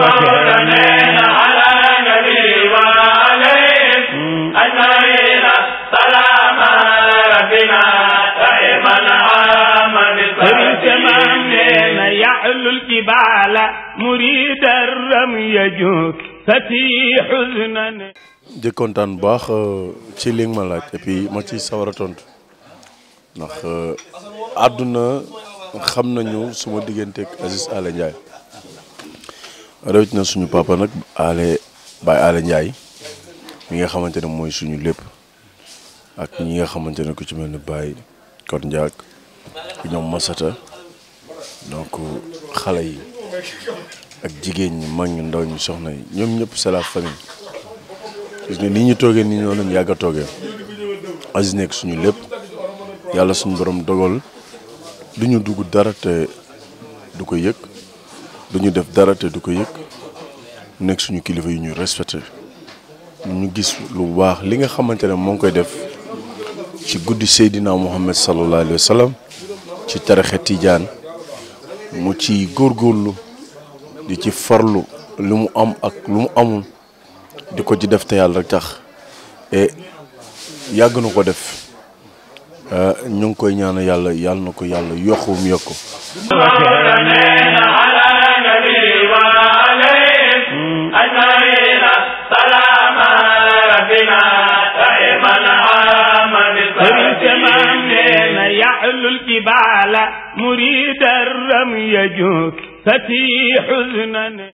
وكرمنا على النبي وعليه أجمعين سلام ربنا دائما عام بالتمام يعلو الجبال مريد الرم يجوك فتي حزنا di kontaan bu baax euh, ci li nga ma laaj et puis ma ci sawar tontu ndax euh, àdduna xam nañu suma diggante Aziz Aly rawit na suñu papa nag aale Baye Aale Ndiaye mi nga xamante ne mooy suñu lépp ak ñi nga xamante ne ku ci mel ni kon njaag Ndiak ñoom Masata donc xale yi ak jigéen ñi mag ñu ndaw ñu soxna yi ñoom ñëpp c'est la famille gis nga ñu toogee nii noonu lañ yàgg a toogee Aziz nekk suñu lépp yàlla suñu borom dogal du ñu dugg dara te du ko yëg. ñu def dara te du ko yëg nekk suñu kilifa yu ñuy respecté ñu gis lu baax li nga xamante ne moo ngi koy def ci guddi Seydina Muhammad sallallahu alayhi wa sallam ci tarixe tiijaan mu ci góorgóorlu di ci farlu lu mu am ak lu mu amul di ko ci def te yàlla tax e yàgg na ko def e ñu ngi koy ñaanal yàlla yàlla na ko yàlla yokku mu yokku يحل الجبال مريد الرمي يجوك فتي حزنا